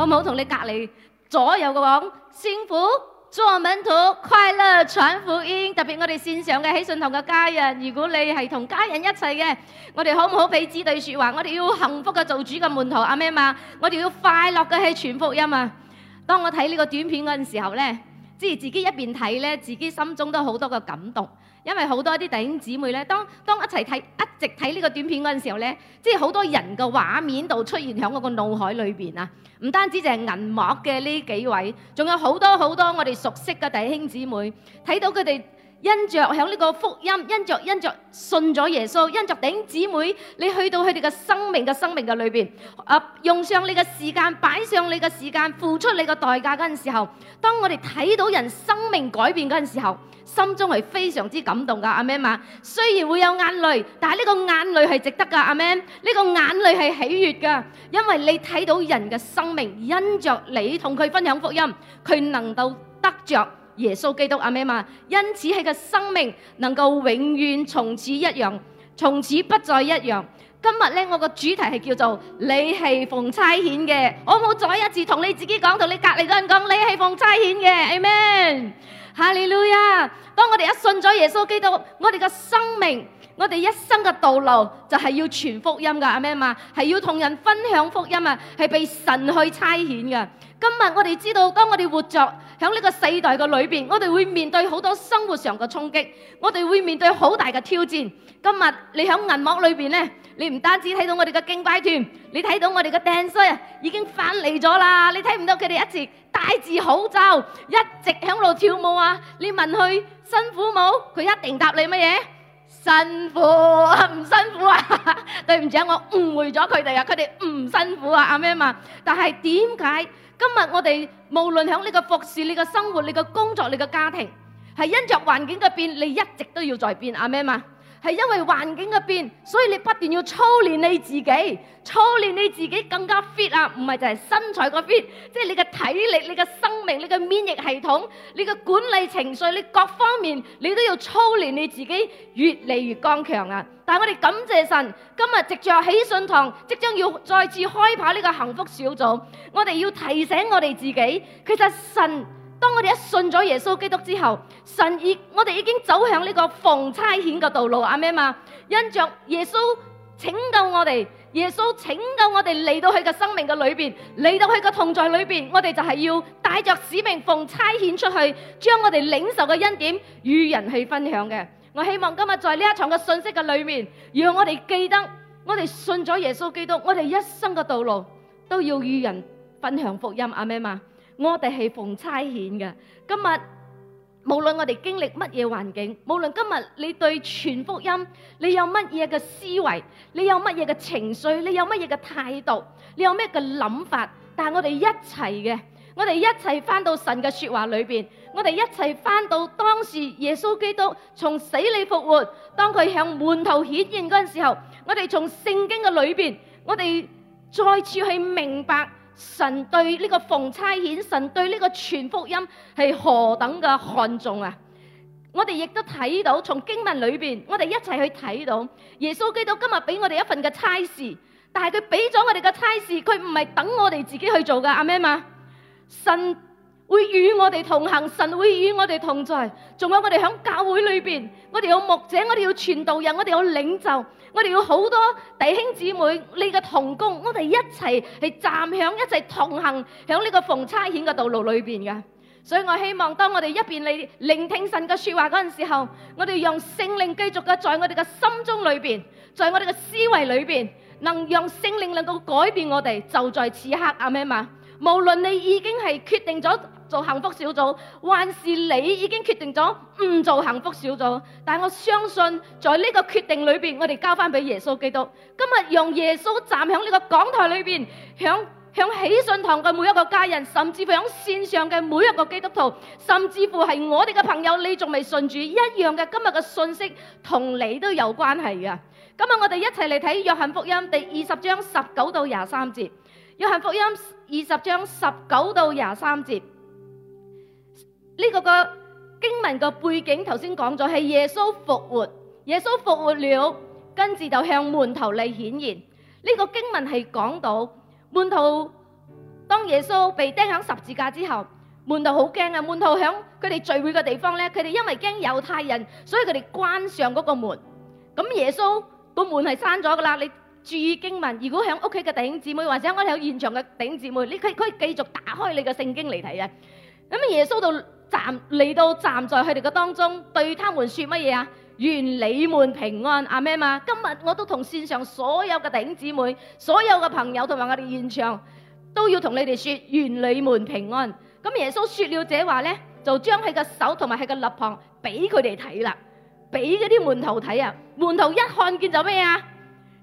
好唔好同你隔籬左右講？幸福做門徒，快樂傳福音。特別我哋線上嘅喜信堂嘅家人，如果你係同家人一齊嘅，我哋好唔好俾支對說話？我哋要幸福嘅做主嘅門徒，阿咩啊嘛？我哋要快樂嘅去傳福音啊！當我睇呢個短片嗰陣時候咧，即係自己一邊睇咧，自己心中都好多嘅感動。因為好多啲弟兄姊妹咧，當當一齊一直睇呢個短片嗰陣時候呢，即係好多人嘅畫面度出現喺我個腦海裏面。啊！唔單止就係銀幕嘅呢幾位，仲有好多好多我哋熟悉嘅弟兄姊妹，睇到佢哋。因着響呢個福音，因着因着信咗耶穌，因着弟兄姊妹，你去到佢哋嘅生命嘅生命嘅裏面，啊，用上你嘅時間，擺上你嘅時間，付出你嘅代價嗰陣時候，當我哋睇到人生命改變嗰陣時候，心中係非常之感動㗎，阿們，雖然會有眼淚，但係呢個眼淚係值得㗎，阿們，呢個眼淚係喜悅㗎，因為你睇到人嘅生命因着你同佢分享福音，佢能夠得着。耶穌基督阿門啊！因此佢個生命能夠永遠從此一樣，從此不再一樣。今日呢，我個主題係叫做你係奉差遣嘅，我冇再一次同你自己講，同你隔籬個人講，你係奉差遣嘅。阿門，哈利路亞！當我哋一信咗耶穌基督，我哋個生命。我哋一生嘅道路就係要傳福音噶，阿咩啊嘛，係要同人分享福音啊，係被神去差遣噶。今日我哋知道，當我哋活着響呢個世代嘅裏邊，我哋會面對好多生活上嘅衝擊，我哋會面對好大嘅挑戰。今日你響銀幕裏邊咧，你唔單止睇到我哋嘅敬拜團，你睇到我哋嘅鄧衰啊，已經翻嚟咗啦。你睇唔到佢哋一直戴住口罩，一直響度跳舞啊？你問佢辛苦冇？佢一定答你乜嘢？辛苦唔辛苦啊？ 對唔住，我誤會咗佢哋啊！佢哋唔辛苦啊，阿咩嘛。但係點解今日我哋無論喺這個服侍、你個生活、你個工作、你個家庭，係因着環境嘅變，你一直都要在變，阿咩嘛？係因為環境嘅變，所以你不斷要操練你自己，操練你自己更加 fit 啊！唔係就係身材個 fit，即係你嘅體力、你嘅生命、你嘅免疫系統、你嘅管理情緒，你各方面你都要操練你自己，越嚟越剛強啊！但我哋感謝神，今日藉着起信堂，即將要再次開跑呢個幸福小組，我哋要提醒我哋自己，其實神。當我哋一信咗耶穌基督之後，神已我哋已經走向呢個奉差遣嘅道路，阿們嘛，因着耶穌拯救我哋，耶穌拯救我哋嚟到佢嘅生命嘅裏邊，嚟到佢嘅同在裏邊，我哋就係要帶着使命奉差遣出去，將我哋領受嘅恩典與人去分享嘅。我希望今日在呢一場嘅信息嘅裏面，讓我哋記得我哋信咗耶穌基督，我哋一生嘅道路都要與人分享福音，阿們嘛。我哋係逢差遣嘅，今日無論我哋經歷乜嘢環境，無論今日你對全福音，你有乜嘢嘅思維，你有乜嘢嘅情緒，你有乜嘢嘅態度，你有咩嘅諗法，但係我哋一齊嘅，我哋一齊返到神嘅說話裏邊，我哋一齊返到當時耶穌基督從死裏復活，當佢向門徒顯現嗰陣時候，我哋從聖經嘅裏邊，我哋再次去明白。神對呢個奉差遣，神對呢個全福音係何等嘅看重啊！我哋亦都睇到從經文裏邊，我哋一齊去睇到耶穌基督今日俾我哋一份嘅差事，但係佢俾咗我哋嘅差事，佢唔係等我哋自己去做噶，阿咩嘛？神。會與我哋同行，神會與我哋同在。仲有我哋喺教會裏邊，我哋有牧者，我哋有傳道人，我哋有領袖，我哋有好多弟兄姊妹，呢個同工，我哋一齊係站響一齊同行響呢個逢差遣嘅道路裏邊嘅。所以我希望當我哋一邊嚟聆聽神嘅說話嗰陣時候，我哋讓聖靈繼續嘅在我哋嘅心中裏邊，在我哋嘅思維裏邊，能讓聖靈能夠改變我哋。就在此刻，阿們嘛，無論你已經係決定咗，做幸福小組，還是你已經決定咗唔做幸福小組？但係我相信，在呢個決定裏邊，我哋交翻俾耶穌基督。今日讓耶穌站響呢個講台裏邊，響響喜信堂嘅每一個家人，甚至乎響線上嘅每一個基督徒，甚至乎係我哋嘅朋友，你仲未信主一樣嘅。今日嘅信息同你都有關係啊。今日我哋一齊嚟睇約翰福音第二十章十九到廿三節。約翰福音二十章十九到廿三節。呢個個經文個背景，頭先講咗係耶穌復活，耶穌復活了，跟住就向門徒嚟顯現。呢個經文係講到門徒當耶穌被釘喺十字架之後，門徒好驚啊！門徒響佢哋聚會嘅地方呢，佢哋因為驚猶太人，所以佢哋關上嗰個門。咁耶穌個門係閂咗噶啦。你注意經文，如果響屋企嘅弟兄姊妹，或者我哋有現場嘅弟兄姊妹，你可以繼續打開你嘅聖經嚟睇啊。咁耶穌到。站嚟到站在佢哋嘅當中，對他們說乜嘢啊？願你們平安啊咩嘛！今日我都同線上所有嘅弟兄姊妹、所有嘅朋友同埋我哋現場都要同你哋說，願你們平安。咁耶穌說了這話呢，就將佢嘅手同埋佢嘅肋旁俾佢哋睇啦，俾嗰啲門徒睇啊，門徒一看見就咩啊？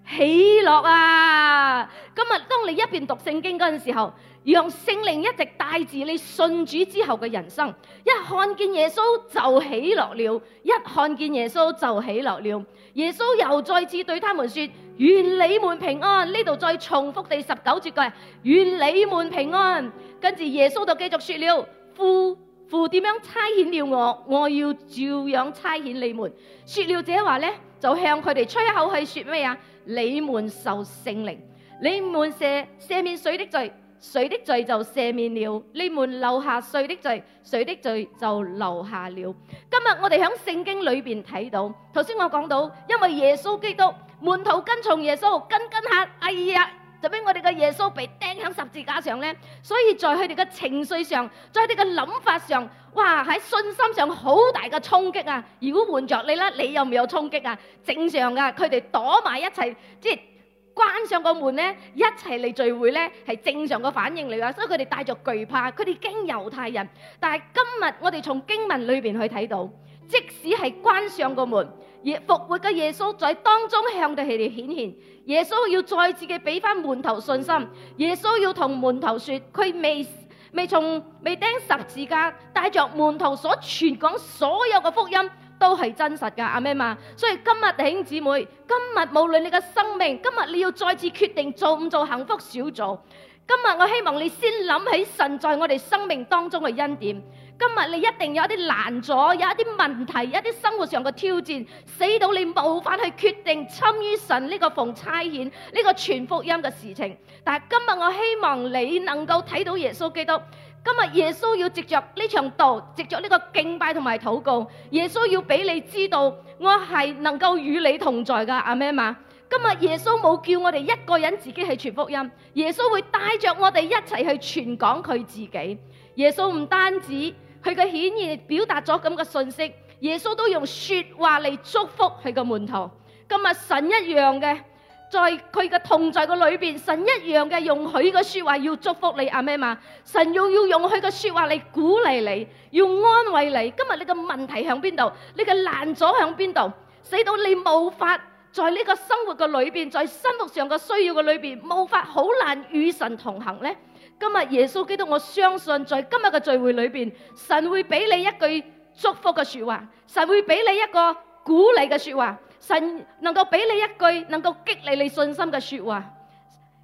喜樂啊！今日當你一邊讀聖經嗰陣時候，讓聖靈一直帶住你信主之後嘅人生。一看見耶穌就喜樂了，一看見耶穌就喜樂了。耶穌又再次對他們說：願你們平安。呢度再重複第十九節句：願你們平安。跟住耶穌就繼續說了：父父點樣差遣了我，我要照樣差遣你們。說了這話呢，就向佢哋吹一口氣，說咩啊？你們受聖靈，你們赦赦免誰的罪，誰的罪就赦免了；你們留下誰的罪，誰的罪就留下了。今日我哋響聖經裏邊睇到，頭先我講到，因為耶穌基督門徒跟從耶穌，跟跟下，哎呀！就俾我哋嘅耶穌被釘喺十字架上咧，所以在佢哋嘅情緒上，在佢哋嘅諗法上，哇，喺信心上好大嘅衝擊啊！如果換著你啦，你有唔有衝擊啊？正常㗎，佢哋躲埋一齊，即係關上個門咧，一齊嚟聚會咧，係正常嘅反應嚟㗎。所以佢哋帶著懼怕，佢哋驚猶太人。但係今日我哋從經文裏面去睇到，即使係關上個門。復活嘅耶穌在當中向佢哋顯現，耶穌要再次嘅俾翻門徒信心，耶穌要同門徒說佢未未從未釘十字架，帶着門徒所傳講所有嘅福音都係真實噶，阿咩嘛？所以今日弟兄姊妹，今日無論你嘅生命，今日你要再次決定做唔做幸福小組。今日我希望你先諗起神在我哋生命當中嘅恩典。今日你一定有一啲難處，有一啲問題，有一啲生活上嘅挑戰，使到你無法去決定參與神呢個逢差遣呢個傳福音嘅事情。但係今日我希望你能夠睇到耶穌基督。今日耶穌要藉着呢場道，藉着呢個敬拜同埋禱告，耶穌要俾你知道，我係能夠與你同在噶，阿們嘛。今日耶穌冇叫我哋一個人自己去傳福音，耶穌會帶着我哋一齊去傳講佢自己。耶穌唔單止。佢嘅顯現表達咗咁嘅信息，耶穌都用說話嚟祝福佢個門徒。今日神一樣嘅，在佢嘅同在個裏邊，神一樣嘅用佢嘅說話要祝福你阿咩嘛？神又要用佢嘅說話嚟鼓勵你，要安慰你。今日你嘅問題向邊度？你嘅難處向邊度？使到你冇法在呢個生活嘅裏邊，在生活上嘅需要嘅裏邊，冇法好難與神同行咧？今日耶穌基督，我相信在今日嘅聚會裏邊，神會俾你一句祝福嘅說話，神會俾你一個鼓勵嘅說話，神能夠俾你一句能夠激勵你信心嘅說話。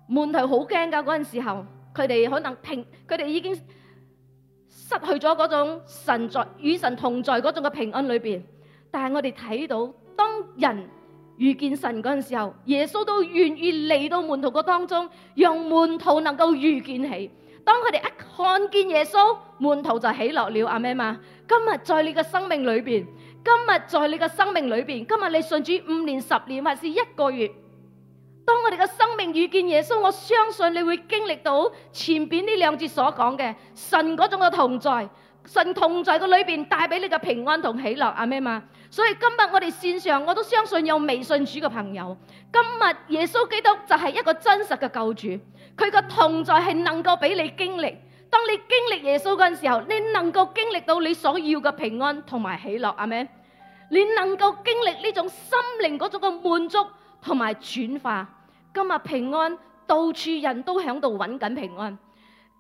門徒好驚㗎，嗰陣時候，佢哋可能平，佢哋已經失去咗嗰種神在與神同在嗰種嘅平安裏邊。但係我哋睇到，當人。遇見神嗰陣時候，耶穌都願意嚟到門徒個當中，讓門徒能夠遇見起。當佢哋一看見耶穌，門徒就喜樂了。阿們嘛，今日在你嘅生命裏邊，今日在你嘅生命裏邊，今日你信主五年、十年，還是一個月，當我哋嘅生命遇見耶穌，我相信你會經歷到前邊呢兩節所講嘅神嗰種嘅同在，神同在嘅裏邊帶俾你嘅平安同喜樂。阿們嘛。所以今日我哋線上，我都相信有未信主嘅朋友，今日耶穌基督就係一個真實嘅救主，佢嘅同在係能夠俾你經歷。當你經歷耶穌嗰陣時候，你能夠經歷到你所要嘅平安同埋喜樂，阿們，你能夠經歷呢種心靈嗰種嘅滿足同埋轉化。今日平安到處，人都喺度揾緊平安，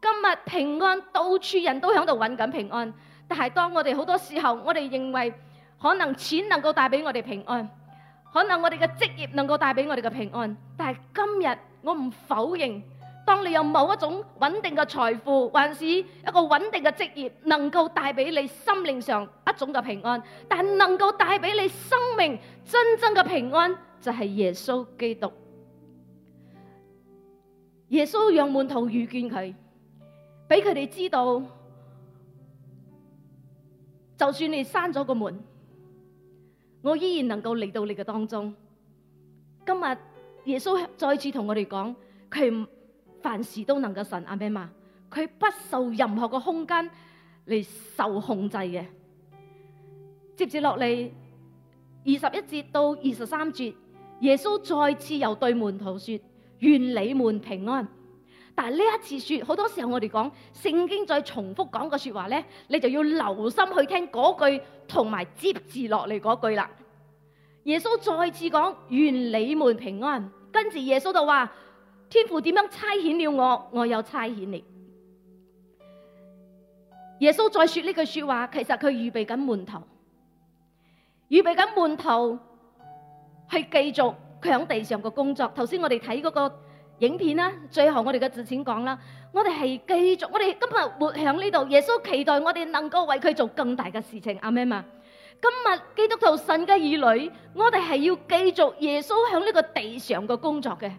今日平安到處，人都喺度揾緊平安。但係當我哋好多時候，我哋認為。可能錢能夠帶俾我哋平安，可能我哋嘅職業能夠帶俾我哋嘅平安。但係今日我唔否認，當你有某一種穩定嘅財富，還是一個穩定嘅職業，能夠帶俾你心靈上一種嘅平安。但能夠帶俾你生命真正嘅平安，就係耶穌基督。耶穌讓門徒遇見佢，俾佢哋知道，就算你閂咗個門。我依然能夠嚟到你嘅當中。今日耶穌再次同我哋講，佢凡事都能夠神阿爸嘛，佢不受任何嘅空間嚟受控制嘅。接住落嚟二十一節到二十三節，耶穌再次又對門徒說：願你們平安。但係呢一次說，好多時候我哋講聖經再重複講個說話呢，你就要留心去聽嗰句同埋接住落嚟嗰句啦。耶穌再次講，願你們平安，跟住耶穌就話天父點樣差遣了我，我有差遣你。耶穌再說呢句說話，其實佢預備緊門徒，預備緊門徒去繼續佢喺地上嘅工作。頭先我哋睇嗰個。影片啦，最後我哋嘅主先講啦。我哋係繼續，我哋今日活響呢度，耶穌期待我哋能夠為佢做更大嘅事情。阿門嘛，今日基督徒神嘅兒女，我哋係要繼續耶穌響呢個地上嘅工作嘅。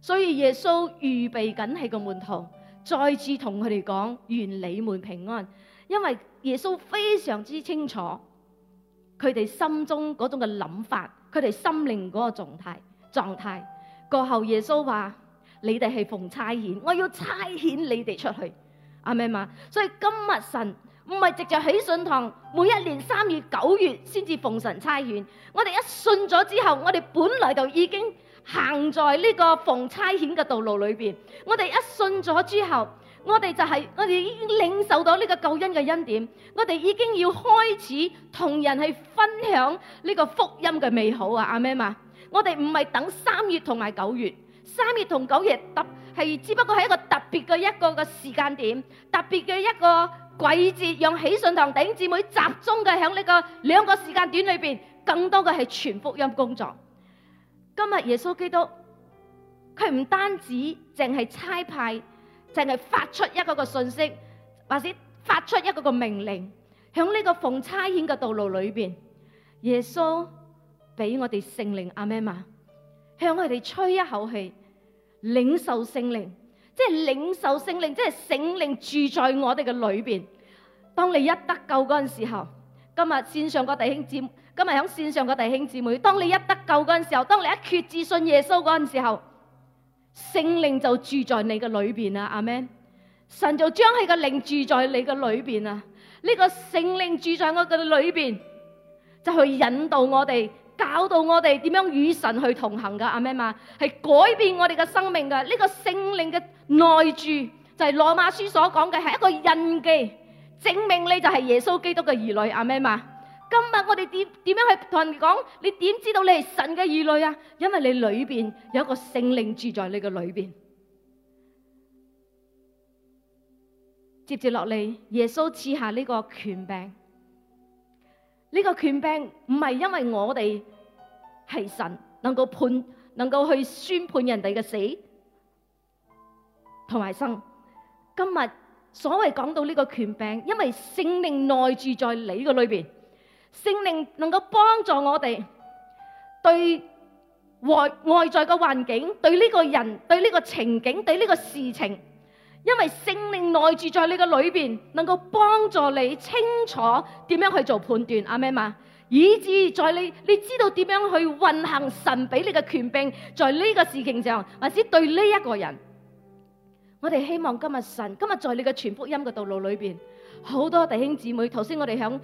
所以耶穌預備緊係個門徒，再次同佢哋講，願你們平安，因為耶穌非常之清楚佢哋心中嗰種嘅諗法，佢哋心靈嗰個狀態狀態。過後耶穌話：你哋係奉差遣，我要差遣你哋出去，阿們嘛。所以今日神唔係直接喺信堂，每一年三月、九月先至奉神差遣。我哋一信咗之後，我哋本來就已經行在呢個奉差遣嘅道路裏邊。我哋一信咗之後，我哋就係、是、我哋已經領受到呢個救恩嘅恩典。我哋已經要開始同人去分享呢個福音嘅美好啊，阿們嘛。我哋唔係等三月同埋九月，三月同九月特係只不過係一個特別嘅一個個時間點，特別嘅一個季節，讓喜信堂弟兄姊妹集中嘅喺呢個兩個時間段裏邊，更多嘅係傳福音工作。今日耶穌基督，佢唔單止淨係差派，淨係發出一個個信息，或者發出一個個命令，響呢個奉差遣嘅道路裏邊，耶穌。俾我哋聖靈阿們嘛，向我哋吹一口氣，領受聖靈，即係領受聖靈，即係聖靈住在我哋嘅裏邊。當你一得救嗰陣時候，今日線上個弟兄姊妹，今日響線上個弟兄姊妹，當你一得救嗰陣時候，當你一決志信耶穌嗰陣時候，聖靈就住在你嘅裏邊啦，阿們，神就將佢嘅靈住在你嘅裏邊啊！呢個聖靈住在我嘅裏邊，就去引導我哋。教到我哋點樣與神去同行噶，阿們嘛，係改變我哋嘅生命噶。呢個聖靈嘅內住就係羅馬書所講嘅，係一個印記，證明你就係耶穌基督嘅兒女，阿們嘛。今日我哋點點樣去同人講？你點知道你係神嘅兒女啊？因為你裏邊有一個聖靈住在你嘅裏邊。接住落嚟，耶穌賜下呢個權柄。呢個權柄唔係因為我哋係神能夠判能夠去宣判人哋嘅死同埋生。今日所謂講到呢個權柄，因為聖靈內住在你嘅裏邊，聖靈能夠幫助我哋對外外在嘅環境，對呢個人，對呢個情景，對呢個事情。因為聖靈內住在你個裏邊，能夠幫助你清楚點樣去做判斷，阿們嘛，以至在你你知道點樣去運行神俾你嘅權柄，在呢個事情上，或者對呢一個人，我哋希望今日神今日在你嘅全福音嘅道路裏邊。好多弟兄姊妹，頭先我哋響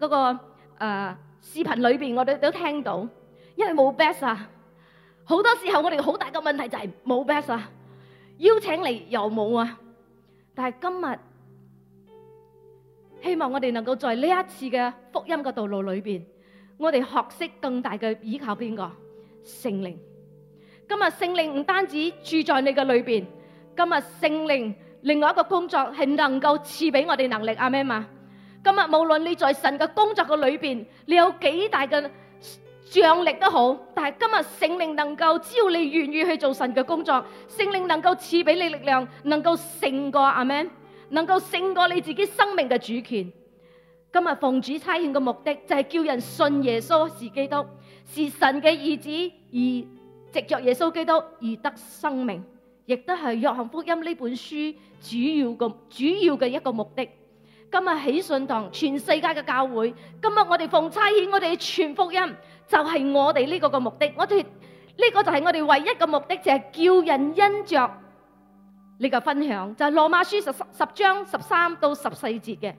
嗰個誒視頻裏邊，我哋都聽到，因為冇 base 啊，好多時候我哋好大嘅問題就係冇 base 啊。邀請你有冇啊？但係今日希望我哋能夠在呢一次嘅福音嘅道路裏邊，我哋學識更大嘅依靠邊個？聖靈。今日聖靈唔單止住在你嘅裏邊，今日聖靈另外一個工作係能夠賜俾我哋能力啊？咩嘛？今日無論你在神嘅工作嘅裏邊，你有幾大嘅？仗力都好，但係今日聖靈能夠，只要你願意去做神嘅工作，聖靈能夠賜俾你力量，能夠勝過阿門，能夠勝過你自己生命嘅主權。今日奉主差遣嘅目的就係叫人信耶穌是基督，是神嘅兒子，而藉着耶穌基督而得生命，亦都係約翰福音呢本書主要個主要嘅一個目的。今日喜信堂全世界嘅教會，今日我哋奉差遣，我哋傳福音。就係我哋呢個嘅目的，我哋呢個就係我哋唯一嘅目的，就係叫人因着呢個分享，就係羅馬書十十章十三到十四節嘅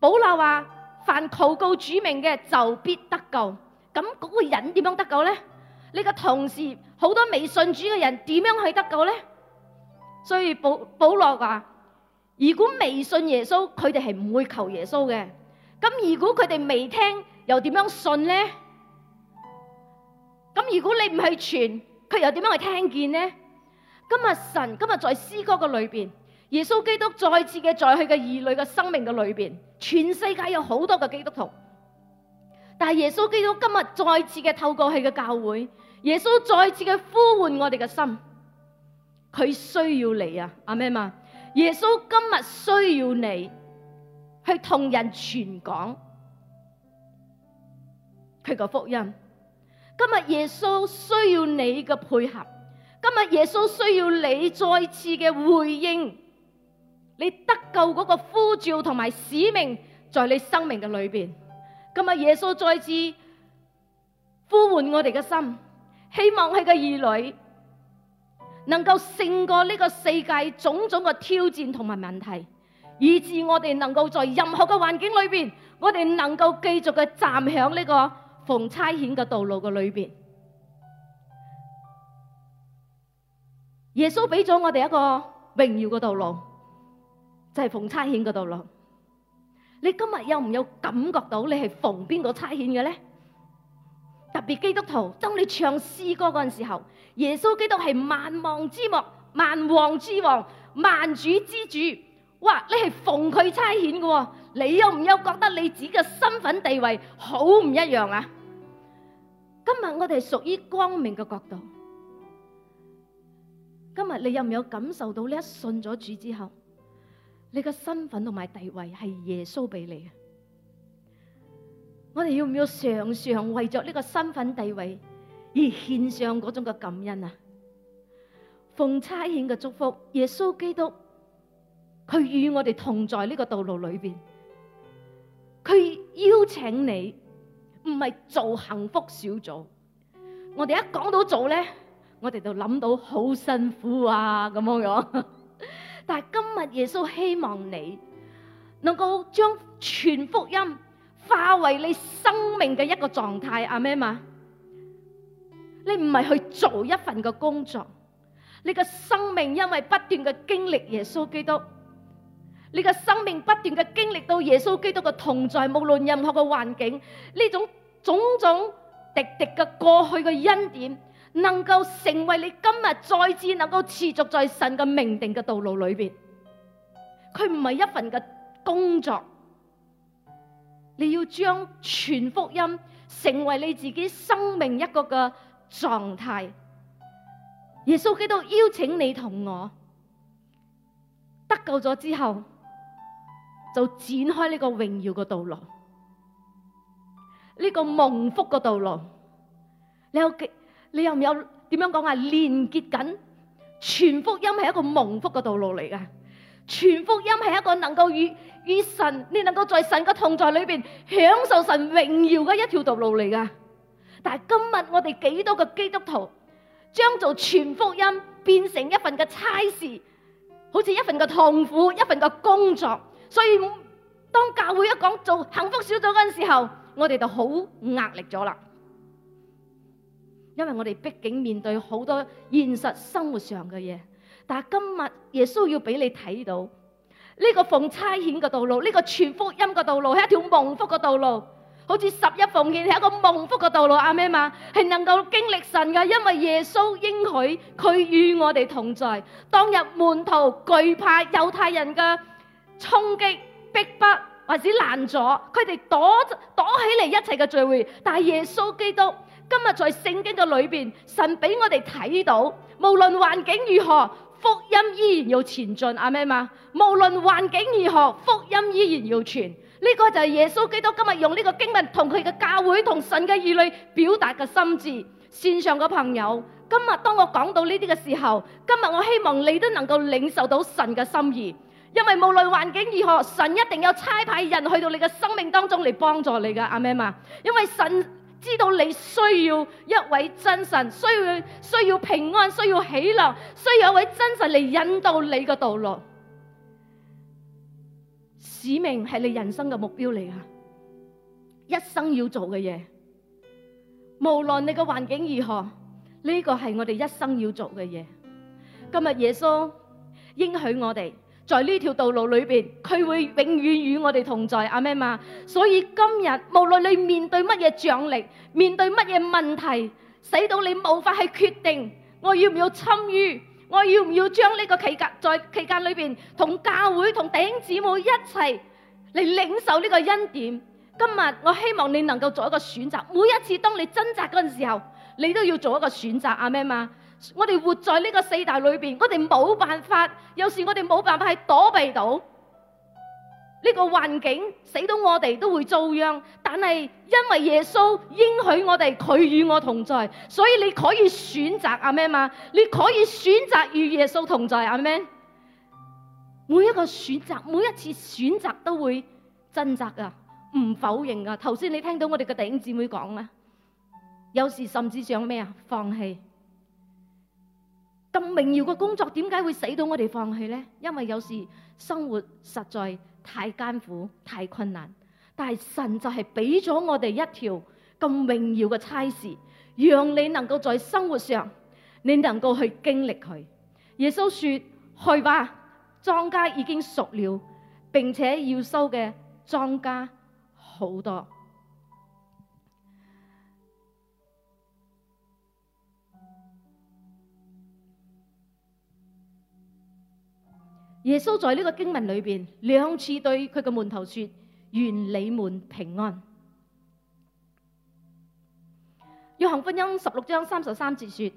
保羅話：凡求告主名嘅就必得救。咁嗰個人點樣得救呢？呢個同時好多未信主嘅人點樣去得救呢？所以保保羅話：如果未信耶穌，佢哋係唔會求耶穌嘅。咁如果佢哋未聽。又點樣信呢？咁如果你唔去傳，佢又點樣去聽見呢？今日神今日在詩歌嘅裏邊，耶穌基督再次嘅在佢嘅兒女嘅生命嘅裏邊，全世界有好多嘅基督徒，但係耶穌基督今日再次嘅透過佢嘅教會，耶穌再次嘅呼喚我哋嘅心，佢需要你啊！阿們嘛，耶穌今日需要你去同人傳講。佢個福音，今日耶穌需要你嘅配合，今日耶穌需要你再次嘅回應，你得救嗰個呼召同埋使命在你生命嘅裏邊。今日耶穌再次呼喚我哋嘅心，希望佢嘅兒女能夠勝過呢個世界種種嘅挑戰同埋問題，以至我哋能夠在任何嘅環境裏邊，我哋能夠繼續嘅站響呢個。逢差遣嘅道路嘅裏邊，耶穌俾咗我哋一個榮耀嘅道路，就係逢差遣嘅道路。你今日有唔有感覺到你係逢邊個差遣嘅呢？特別基督徒，當你唱詩歌嗰陣時候，耶穌基督係萬王之王、萬王之王、萬主之主，哇！你係逢佢差遣嘅。你有唔有覺得你自己嘅身份地位好唔一樣啊？今日我哋屬於光明嘅角度。今日你有唔有感受到呢？一信咗主之後，你嘅身份同埋地位係耶穌俾你嘅。我哋要唔要常常為咗呢個身份地位而獻上嗰種嘅感恩啊？奉差遣嘅祝福，耶穌基督，佢與我哋同在呢個道路裏邊。佢邀請你唔係做幸福小組，我哋一講到做呢，我哋就諗到好辛苦啊，咁樣樣。但係今日耶穌希望你能夠將全福音化為你生命嘅一個狀態，阿咩嘛？你唔係去做一份嘅工作，你嘅生命因為不斷嘅經歷耶穌基督。你嘅生命不斷嘅經歷到耶穌基督嘅同在，無論任何嘅環境，呢種種種滴滴嘅過去嘅恩典，能夠成為你今日再次能夠持續在神嘅命定嘅道路裏面。佢唔係一份嘅工作，你要將全福音成為你自己生命一個嘅狀態。耶穌基督邀請你同我，得救咗之後。就展開呢個榮耀嘅道路，呢個蒙福嘅道路，你有幾？你有唔有點樣講啊？連結緊，傳福音係一個蒙福嘅道路嚟噶，傳福音係一個能夠與與神，你能夠在神嘅同在裏邊享受神榮耀嘅一條道路嚟噶。但係今日我哋幾多個基督徒將做傳福音變成一份嘅差事，好似一份嘅痛苦，一份嘅工作。所以當教會一講做幸福小組嗰陣時候，我哋就好壓力咗啦。因為我哋畢竟面對好多現實生活上嘅嘢，但係今日耶穌要俾你睇到呢個奉差遣嘅道路，呢個傳福音嘅道路係一條蒙福嘅道路，好似十一奉獻係一個蒙福嘅道路啊咩嘛，係能夠經歷神嘅，因為耶穌應許佢與我哋同在，當日門徒懼怕猶太人嘅沖擊逼迫，或者攔阻，佢哋躲躲起嚟一齊嘅聚會。但係耶穌基督今日在聖經嘅裏邊，神俾我哋睇到，無論環境如何，福音依然要前進。阿咩嘛，無論環境如何，福音依然要傳。呢個就係耶穌基督今日用呢個經文同佢嘅教會同神嘅兒女表達嘅心志。綫上嘅朋友，今日當我講到呢啲嘅時候，今日我希望你都能夠領受到神嘅心意。因為無論環境如何，神一定有差派人去到你嘅生命當中嚟幫助你噶，阿媽。因為神知道你需要一位真神，需要需要平安，需要喜樂，需要一位真神嚟引導你嘅道路。使命係你人生嘅目標嚟，一生要做嘅嘢。無論你嘅環境如何，呢個係我哋一生要做嘅嘢。今日耶穌應許我哋。在呢條道路裏邊，佢會永遠與我哋同在，阿咩嘛！所以今日，無論你面對乜嘢障礙，面對乜嘢問題，使到你無法去決定我要唔要參與，我要唔要將呢個期間在期間裏邊同教會同弟兄姊妹一齊嚟領受呢個恩典。今日我希望你能夠做一個選擇。每一次當你掙扎嗰陣時候，你都要做一個選擇，阿咩嘛！我哋活在呢個世界裏邊，我哋冇辦法，有時我哋冇辦法去躲避到呢個環境，死到我哋都會遭殃。但係因為耶穌應許我哋，佢與我同在，所以你可以選擇阿咩嘛，你可以選擇與耶穌同在，阿咩？每一個選擇，每一次選擇都會掙扎噶，唔否認噶。頭先你聽到我哋嘅弟兄姊妹講咧，有時甚至想咩啊？放棄。咁榮耀嘅工作，點解會使到我哋放棄咧？因為有時生活實在太艱苦、太困難，但係神就係俾咗我哋一條咁榮耀嘅差事，讓你能夠在生活上，你能夠去經歷佢。耶穌說：去吧，莊稼已經熟了，並且要收嘅莊稼好多。耶穌在呢個經文裏邊兩次對佢嘅門徒說：願你們平安。約翰福音十六章三十三節說：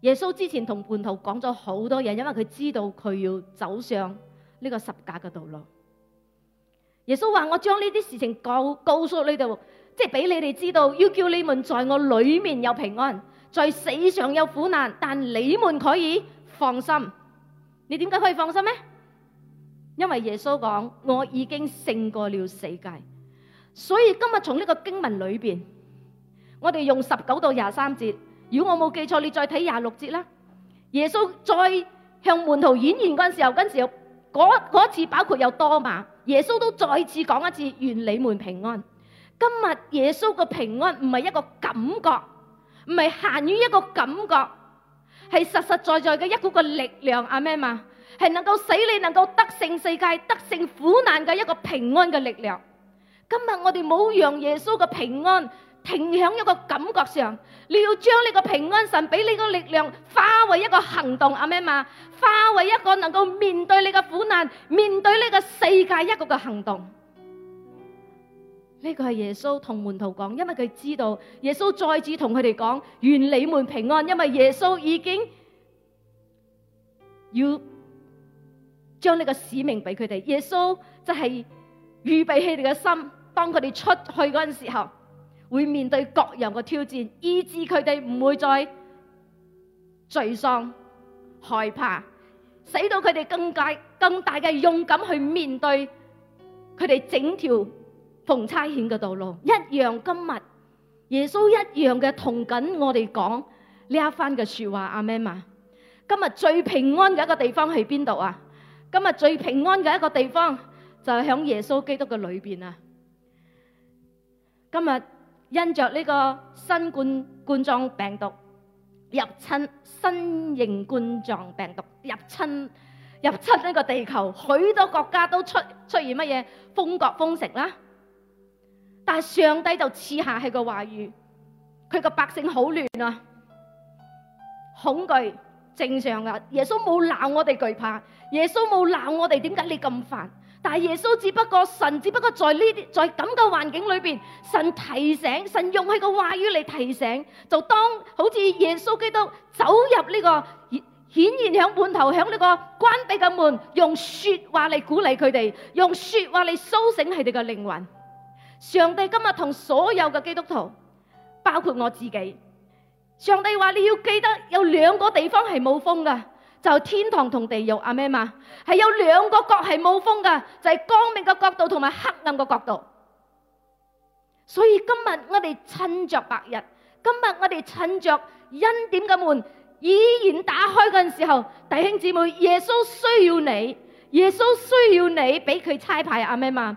耶穌之前同門徒講咗好多嘢，因為佢知道佢要走上呢個十架嘅道路。耶穌話：我將呢啲事情告告訴你哋，即係俾你哋知道，要叫你們在我裏面有平安，在死上有苦難，但你們可以放心。你點解可以放心呢？因為耶穌講，我已經勝過了世界，所以今日從呢個經文裏邊，我哋用十九到廿三節，如果我冇記錯，你再睇廿六節啦。耶穌再向門徒演完嗰陣時候，跟住嗰、嗰一次包括有多馬，耶穌都再次講一次，願你們平安。今日耶穌嘅平安唔係一個感覺，唔係限於一個感覺。係實實在在嘅一股嘅力量，啊咩嘛，係能夠使你能夠得勝世界、得勝苦難嘅一個平安嘅力量。今日我哋冇讓耶穌嘅平安停響一個感覺上，你要將呢個平安神俾你個力量化為一個行動，啊咩嘛，化為一個能夠面對你嘅苦難、面對呢個世界一個嘅行動。呢個係耶穌同門徒講，因為佢知道耶穌再次同佢哋講，願你們平安。因為耶穌已經要將呢個使命俾佢哋。耶穌就係預備起佢哋嘅心，當佢哋出去嗰陣時候，會面對各樣嘅挑戰，以致佢哋唔會再沮喪、害怕，使到佢哋更大、更大嘅勇敢去面對佢哋整條。逢差遣嘅道路一樣，今一樣，今日耶穌一樣嘅同緊我哋講呢一番嘅説話。阿 m 媽嘛，今日最平安嘅一個地方係邊度啊？今日最平安嘅一個地方就係響耶穌基督嘅裏邊啊！今日因着呢個新冠冠狀病毒入侵，新型冠狀病毒入侵入侵呢個地球，許多國家都出出現乜嘢封國封城啦～但係上帝就賜下佢個話語，佢個百姓好亂啊，恐懼正常㗎。耶穌冇鬧我哋懼怕，耶穌冇鬧我哋，點解你咁煩？但係耶穌只不過神，只不過在呢啲在咁嘅環境裏邊，神提醒，神用佢個話語嚟提醒，就當好似耶穌基督走入呢個顯然響半頭響呢個關閉嘅門，用說話嚟鼓勵佢哋，用說話嚟蘇醒佢哋嘅靈魂。上帝今日同所有嘅基督徒，包括我自己，上帝話你要記得有兩個地方係冇風噶，就係天堂同地獄啊咩嘛，係有兩個角係冇風噶，就係光明嘅角度同埋黑暗嘅角度。所以今日我哋趁着白日，今日我哋趁着恩典嘅門依然打開嗰陣時候，弟兄姊妹，耶穌需要你，耶穌需要你俾佢猜牌啊咩嘛。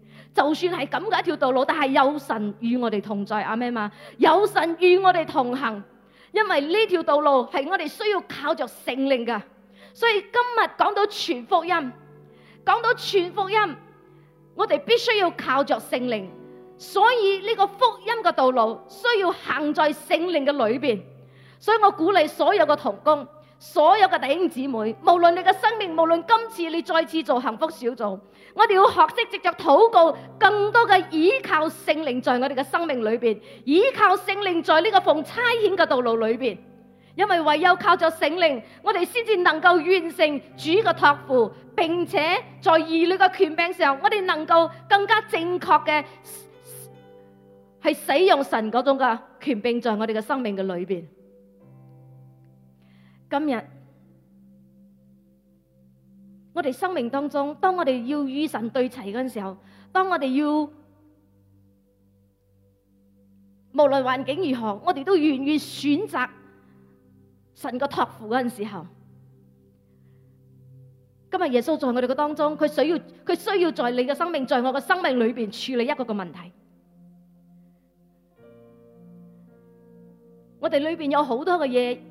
就算係咁嘅一條道路，但係有神與我哋同在，阿咩嘛？有神與我哋同行，因為呢條道路係我哋需要靠着聖靈嘅。所以今日講到全福音，講到全福音，我哋必須要靠着聖靈。所以呢個福音嘅道路需要行在聖靈嘅裏邊。所以我鼓勵所有嘅同工。所有嘅弟兄姊妹，無論你嘅生命，無論今次你再次做幸福小組，我哋要學識藉着禱告，更多嘅倚靠聖靈，在我哋嘅生命裏邊，倚靠聖靈在呢個奉差遣嘅道路裏邊，因為唯有靠著聖靈，我哋先至能夠完成主嘅託付，並且在兒女嘅權柄上，我哋能夠更加正確嘅係使用神嗰種嘅權柄，在我哋嘅生命嘅裏邊。今日我哋生命當中，當我哋要與神對齊嗰陣時候，當我哋要無論環境如何，我哋都願意選擇神個託付嗰陣時候。今日耶穌在我哋嘅當中，佢需要佢需要在你嘅生命，在我嘅生命裏邊處理一個個問題。我哋裏邊有好多嘅嘢。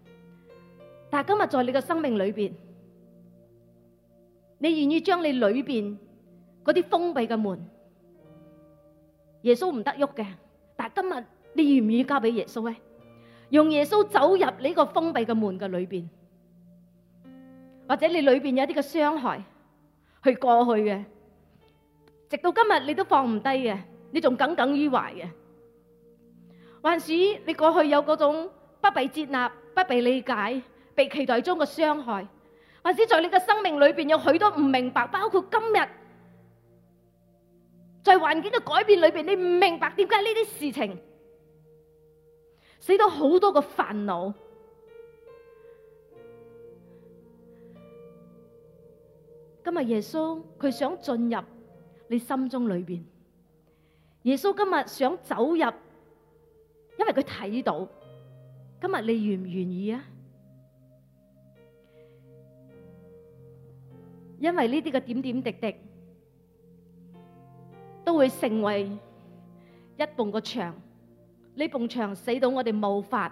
但係今日在你嘅生命裏邊，你願意將你裏邊嗰啲封閉嘅門，耶穌唔得喐嘅。但係今日你願唔願意交俾耶穌咧？用耶穌走入你個封閉嘅門嘅裏邊，或者你裏邊有一啲嘅傷害去過去嘅，直到今日你都放唔低嘅，你仲耿耿於懷嘅，還是你過去有嗰種不被接納、不被理解？被期待中嘅傷害，或者在你嘅生命裏邊有許多唔明白，包括今日在環境嘅改變裏邊，你唔明白點解呢啲事情，使到好多嘅煩惱。今日耶穌佢想進入你心中裏邊，耶穌今日想走入，因為佢睇到今日你願唔願意啊？因為呢啲嘅點點滴滴，都會成為一埲個牆。呢埲牆死到我哋無法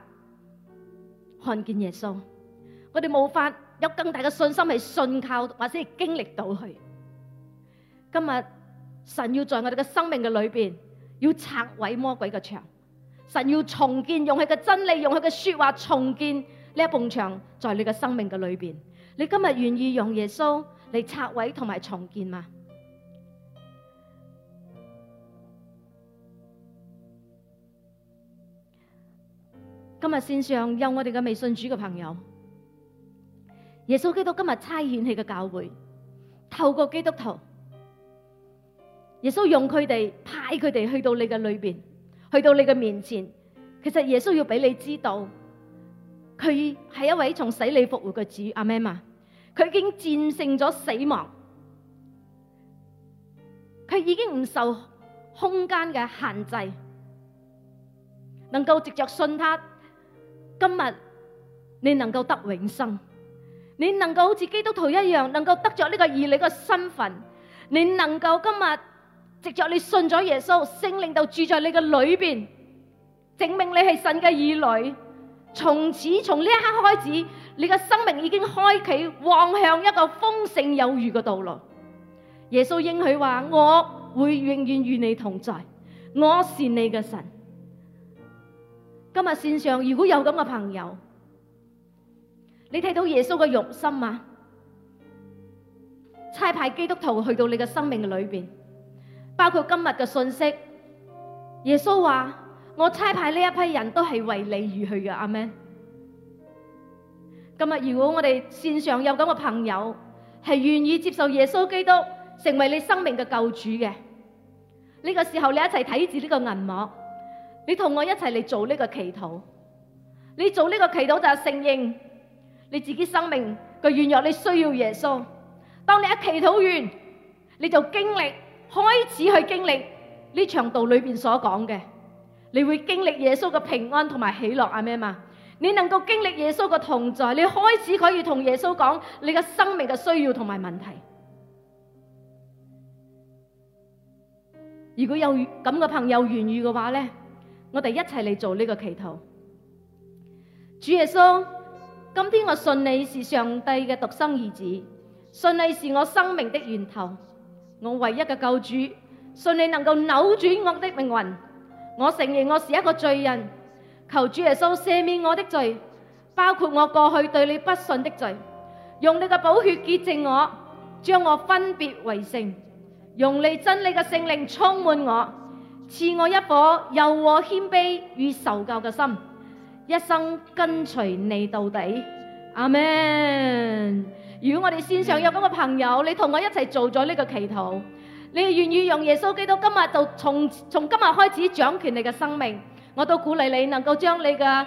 看見耶穌，我哋無法有更大嘅信心係信靠，或者係經歷到佢。今日神要在我哋嘅生命嘅裏邊，要拆毀魔鬼嘅牆。神要重建，用佢嘅真理，用佢嘅說話重建呢一埲牆，在你嘅生命嘅裏邊。你今日願意用耶穌？嚟拆毀同埋重建嘛？今日線上有我哋嘅未信主嘅朋友，耶穌基督今日差遣佢嘅教會，透過基督徒，耶穌用佢哋派佢哋去到你嘅裏邊，去到你嘅面前。其實耶穌要俾你知道，佢係一位從死裏復活嘅主，阿媽。佢已經戰勝咗死亡，佢已經唔受空間嘅限制，能夠藉着信他，今日你能夠得永生，你能夠好似基督徒一樣，能夠得着呢個兒女嘅身份，你能夠今日藉着你信咗耶穌，聖靈就住在你嘅裏邊，證明你係神嘅兒女，從此從呢一刻開始。你嘅生命已經開啟，望向一個豐盛有餘嘅道路。耶穌應許話：我會永遠與你同在，我是你嘅神。今日線上如果有咁嘅朋友，你睇到耶穌嘅肉心嗎？差派基督徒去到你嘅生命裏邊，包括今日嘅信息。耶穌話：我差派呢一批人都係為你而去嘅。阿門。今日如果我哋線上有咁嘅朋友，係願意接受耶穌基督成為你生命嘅救主嘅，呢個時候你一齊睇住呢個銀幕，你同我一齊嚟做呢個祈禱。你做呢個祈禱就係承認你自己生命嘅軟弱，你需要耶穌。當你一祈禱完，你就經歷開始去經歷呢場道裏邊所講嘅，你會經歷耶穌嘅平安同埋喜樂。阿咩嘛。你能夠經歷耶穌嘅同在，你開始可以同耶穌講你嘅生命嘅需要同埋問題。如果有咁嘅朋友願意嘅話呢，我哋一齊嚟做呢個祈禱。主耶穌，今天我信你是上帝嘅獨生兒子，信你是我生命的源頭，我唯一嘅救主，信你能夠扭轉我的命運。我承認我是一個罪人。求主耶穌赦免我的罪，包括我過去對你不信的罪，用你嘅寶血潔淨我，將我分別為聖，用你真理嘅聖靈充滿我，賜我一顆柔和謙卑與受教嘅心，一生跟隨你到底。阿門。如果我哋線上有咁嘅朋友，你同我一齊做咗呢個祈禱，你願意用耶穌基督今日就從從今日開始掌權你嘅生命？我都鼓勵你能夠將你嘅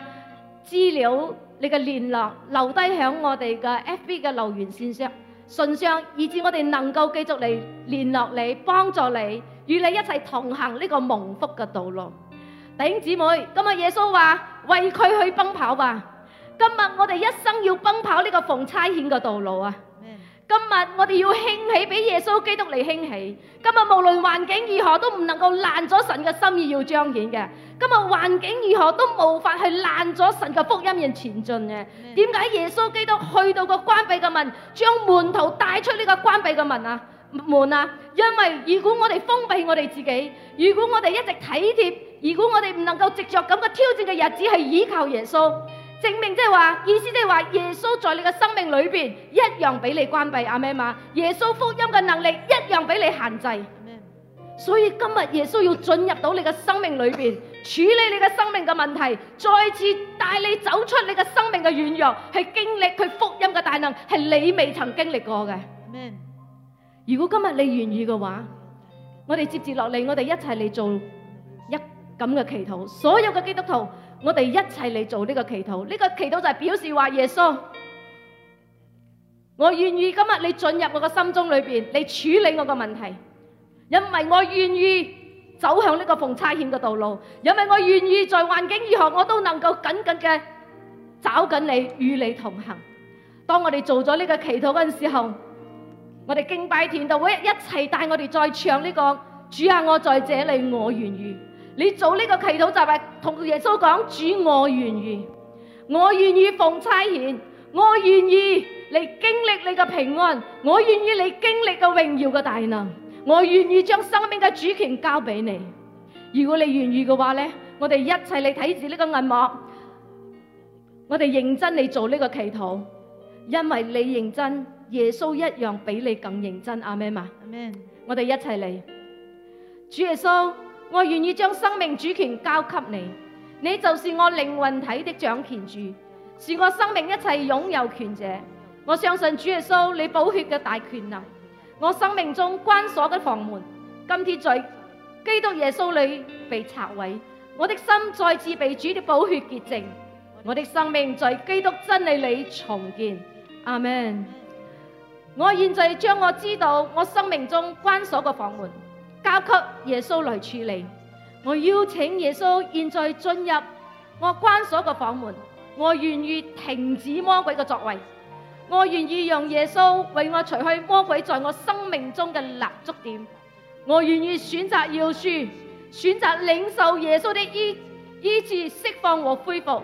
資料、你嘅聯絡留低響我哋嘅 FB 嘅留言線上，信箱，以至我哋能夠繼續嚟聯絡你，幫助你，與你一齊同行呢個蒙福嘅道路。弟兄姊妹，今日耶穌話，為佢去奔跑吧。今日我哋一生要奔跑呢個逢差遣嘅道路啊！今日我哋要興起，俾耶穌基督嚟興起。今日無論環境如何，都唔能夠攔咗神嘅心意要彰顯嘅。今日環境如何，都無法去攔咗神嘅福音要前進嘅。點解耶穌基督去到個關閉嘅門，將門徒帶出呢個關閉嘅門啊門啊？因為如果我哋封閉我哋自己，如果我哋一直體貼，如果我哋唔能夠執著咁嘅挑戰嘅日子，係倚靠耶穌。證明即係話，意思即係話，耶穌在你嘅生命裏邊一樣俾你關閉啊，阿們？耶穌福音嘅能力一樣俾你限制。所以今日耶穌要進入到你嘅生命裏邊，處理你嘅生命嘅問題，再次帶你走出你嘅生命嘅軟弱，係經歷佢福音嘅大能，係你未曾經歷過嘅。阿們。如果今日你願意嘅話，我哋接住落嚟，我哋一齊嚟做一咁嘅祈禱，所有嘅基督徒。我哋一齊嚟做呢個祈禱，呢個祈禱就係表示話耶穌，我願意今日你進入我個心中裏邊，你處理我個問題，因為我願意走向呢個蒙差遣嘅道路，因為我願意在環境如何我都能夠緊緊嘅找緊你，與你同行。當我哋做咗呢個祈禱嗰陣時候，我哋敬拜團都會一齊帶我哋再唱呢個主啊，我在這裏，我願意。你做呢個祈禱就係同耶穌講主我願意，我願意奉差遣，我願意嚟經歷你嘅平安，我願意嚟經歷嘅榮耀嘅大能，我願意將生命嘅主權交俾你。如果你願意嘅話咧，我哋一齊嚟睇住呢個銀幕，我哋認真嚟做呢個祈禱，因為你認真，耶穌一樣比你更認真。阿們啊，阿們，我哋一齊嚟，主耶穌。我願意將生命主權交給你，你就是我靈魂體的掌權主，是我生命一切擁有權者。我相信主耶穌你寶血嘅大權能，我生命中關鎖嘅房門，今天在基督耶穌裏被拆毀，我的心再次被主的寶血潔淨，我的生命在基督真理裏重建。阿門。我現在將我知道我生命中關鎖嘅房門。交給耶穌來處理。我邀請耶穌現在進入我關鎖嘅房門。我願意停止魔鬼嘅作為。我願意讓耶穌為我除去魔鬼在我生命中嘅立足點。我願意選擇饒恕，選擇領受耶穌的醫醫治釋放和恢復。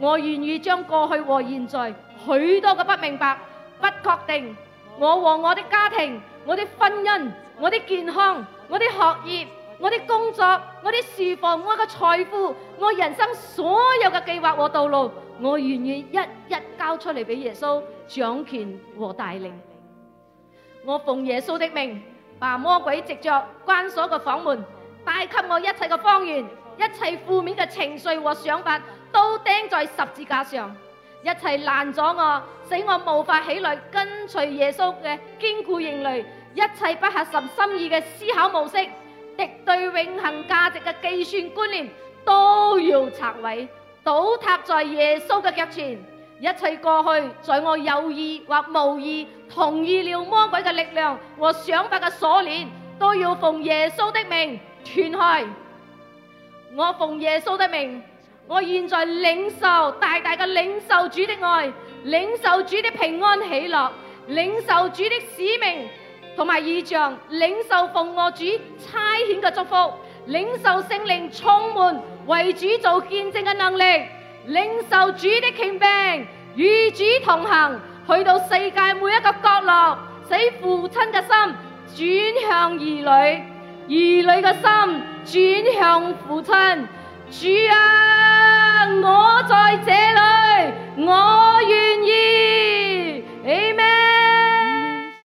我願意將過去和現在許多嘅不明白、不確定，我和我的家庭、我的婚姻。我的健康、我的學業、我的工作、我的事奉、我嘅財富、我人生所有嘅計劃和道路，我願意一一交出嚟俾耶穌掌權和帶領。我奉耶穌的命，把魔鬼藉着關鎖嘅房門，帶給我一切嘅謊言、一切負面嘅情緒和想法，都釘在十字架上。一切攔阻我，使我無法起來跟隨耶穌嘅堅固營壘。一切不合神心意嘅思考模式、敵對永恒價值嘅計算觀念，都要拆毀，倒塌在耶穌嘅腳前。一切過去，在我有意或無意同意了魔鬼嘅力量和想法嘅鎖鏈，都要奉耶穌的名斷開。我奉耶穌的名，我現在領受大大嘅領受主的愛，領受主的平安喜樂，領受主的使命，同埋異象，領受奉我主差遣嘅祝福，領受聖靈充滿為主做見證嘅能力，領受主的權柄，與主同行，去到世界每一個角落，使父親嘅心轉向兒女，兒女嘅心轉向父親。主啊，我在這裡，我願意，阿們。